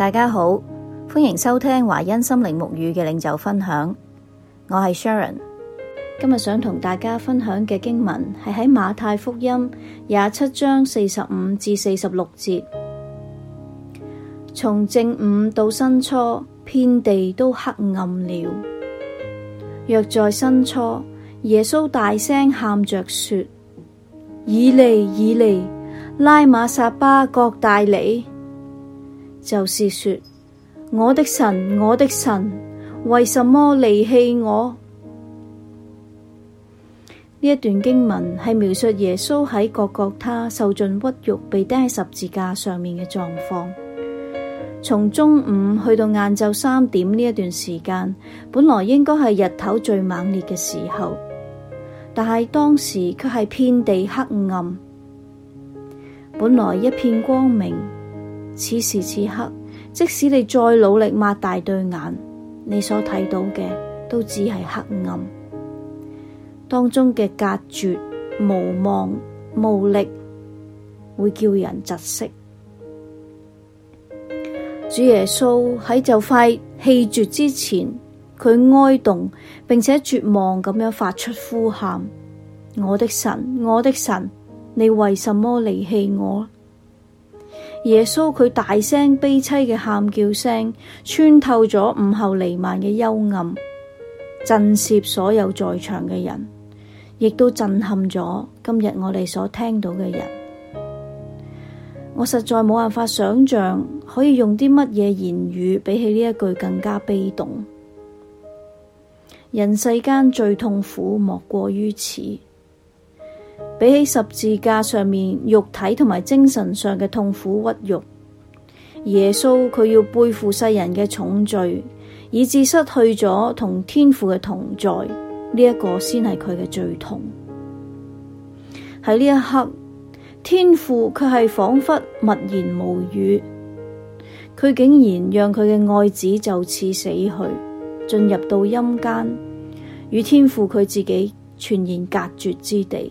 大家好，歡迎收聽華恩心靈牧語嘅領袖分享。我係 Sharon，今日想同大家分享嘅經文係喺馬太福音廿七章四十五至四十六節。從正午到申初，遍地都黑暗了。若在申初，耶穌大聲喊着說：以利以利，拉馬撒巴各大利。」就是說，我的神，我的神，為什麼離棄我？呢一段經文係描述耶穌喺各各他受盡屈辱，被釘喺十字架上面嘅狀況。從中午去到晏晝三點呢一段時間，本來應該係日頭最猛烈嘅時候，但係當時卻係遍地黑暗，本來一片光明。此時此刻，即使你再努力擘大對眼，你所睇到嘅都只係黑暗。當中嘅隔絕、無望、無力，會叫人窒息。主耶穌喺就快氣絕之前，佢哀慟，並且絕望咁樣發出呼喊：「我的神，我的神，你為什麼離棄我？」耶穌佢，大聲悲淒嘅喊叫聲，穿透咗午後彌漫嘅幽暗，震懾所有在場嘅人，亦都震撼咗今日我哋所聽到嘅人。我實在冇辦法想象，可以用啲乜嘢言語比起呢一句更加悲慟。人世間最痛苦，莫過於此。比起十字架上面肉體同埋精神上嘅痛苦屈辱，耶穌佢要背負世人嘅重罪，以致失去咗同天父嘅同在，呢一個先係佢嘅最痛。喺呢一刻，天父佢係仿佛默然無語，佢竟然讓佢嘅愛子就此死去，進入到陰間與天父佢自己全然隔絕之地。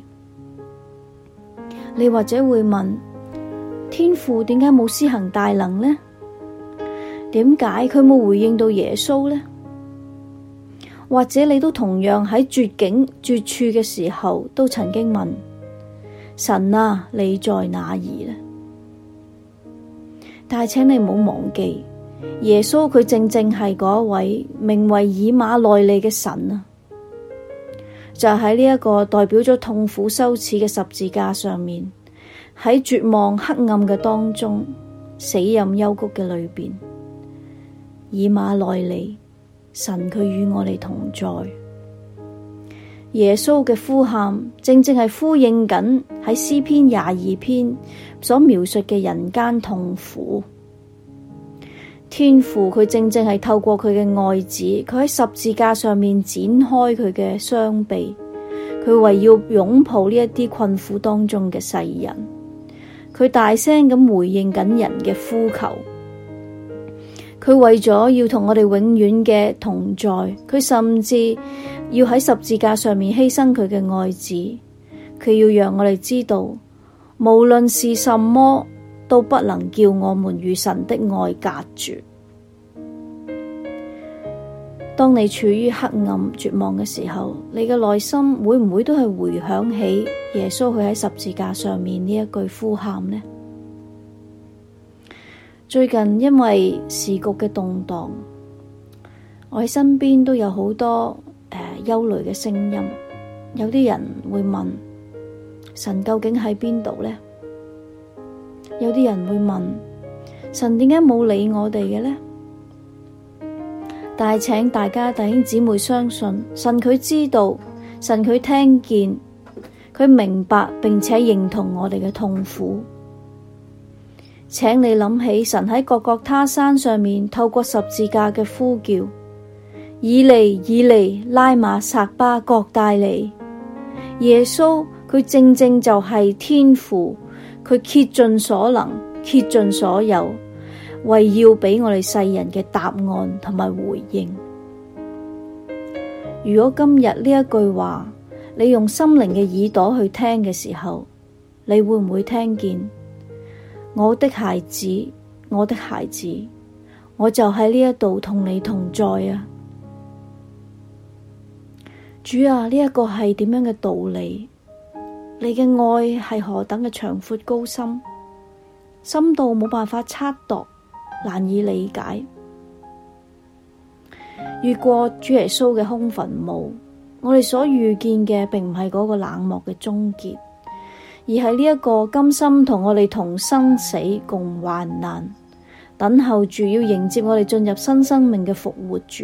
你或者會問天父點解冇施行大能呢？點解佢冇回應到耶穌呢？或者你都同樣喺絕境絕處嘅時候，都曾經問神啊，你在哪兒呢？但係請你唔好忘記，耶穌佢正正係嗰位名為以馬內利嘅神啊！就喺呢一個代表咗痛苦羞恥嘅十字架上面，喺絕望黑暗嘅當中，死蔭幽谷嘅裏邊，以馬內利，神佢與我哋同在。耶穌嘅呼喊正正係呼應緊喺詩篇廿二篇所描述嘅人間痛苦。天父佢正正係透過佢嘅愛子，佢喺十字架上面展開佢嘅雙臂，佢為要擁抱呢一啲困苦當中嘅世人，佢大聲咁回應緊人嘅呼求，佢為咗要同我哋永遠嘅同在，佢甚至要喺十字架上面犧牲佢嘅愛子，佢要讓我哋知道，無論是什麼，都不能叫我們與神的愛隔絕。當你處於黑暗、絕望嘅時候，你嘅內心會唔會都係回響起耶穌佢喺十字架上面呢一句呼喊呢？最近因為時局嘅動盪，我喺身邊都有好多誒憂慮嘅聲音，有啲人會問：神究竟喺邊度呢？有啲人會問「神點解冇理我哋嘅呢？」但係請大家弟兄姊妹相信，神佢知道，神佢聽見，佢明白並且認同我哋嘅痛苦。請你諗起神喺各各他山上面透過十字架嘅呼叫，以利以利拉馬撒巴各大利，耶穌佢正正就係天父。佢竭盡所能，竭盡所有，為要俾我哋世人嘅答案同埋回應。如果今日呢一句話，你用心靈嘅耳朵去聽嘅時候，你會唔會聽見？我的孩子，我的孩子，我就喺呢一度同你同在啊！主啊，呢一個係點樣嘅道理？你嘅愛係何等嘅長闊高深，深到冇辦法測度，難以理解。越過主耶穌嘅空墳墓，我哋所遇見嘅並唔係嗰個冷漠嘅終結，而係呢一個甘心同我哋同生死、共患難，等候住要迎接我哋進入新生命嘅復活主。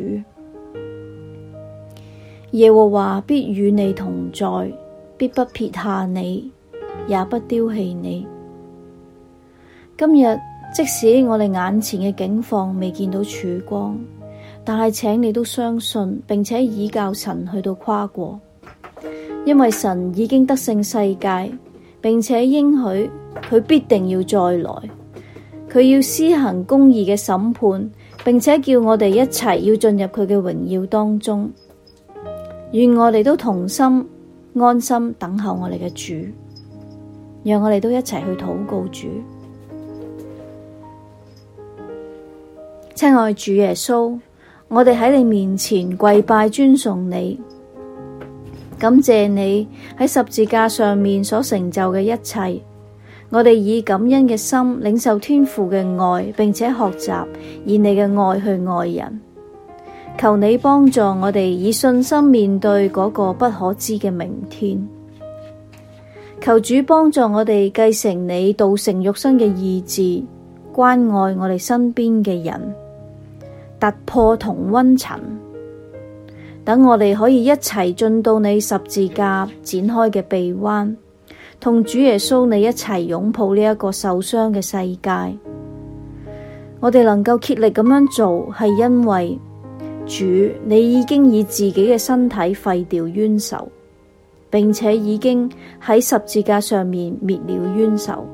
耶和華必與你同在。必不撇下你，也不丟棄你。今日即使我哋眼前嘅境況未見到曙光，但係請你都相信，並且倚靠神去到跨過，因為神已經得勝世界，並且應許佢必定要再來。佢要施行公義嘅審判，並且叫我哋一齊要進入佢嘅榮耀當中。願我哋都同心。安心等候我哋嘅主，讓我哋都一齊去禱告主。親愛主耶穌，我哋喺你面前跪拜尊崇你，感謝你喺十字架上面所成就嘅一切。我哋以感恩嘅心領受天父嘅愛，並且學習以你嘅愛去愛人。求你幫助我哋以信心面對嗰個不可知嘅明天。求主幫助我哋繼承你道成肉身嘅意志，關愛我哋身邊嘅人，突破同温層，等我哋可以一齊進到你十字架展開嘅臂彎，同主耶穌你一齊擁抱呢一個受傷嘅世界。我哋能夠竭力咁樣做，係因為。主，你已經以自己嘅身體廢掉冤仇，並且已經喺十字架上面滅了冤仇。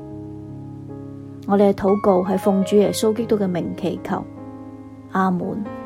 我哋嘅禱告，係奉主耶穌基督嘅名祈求，阿門。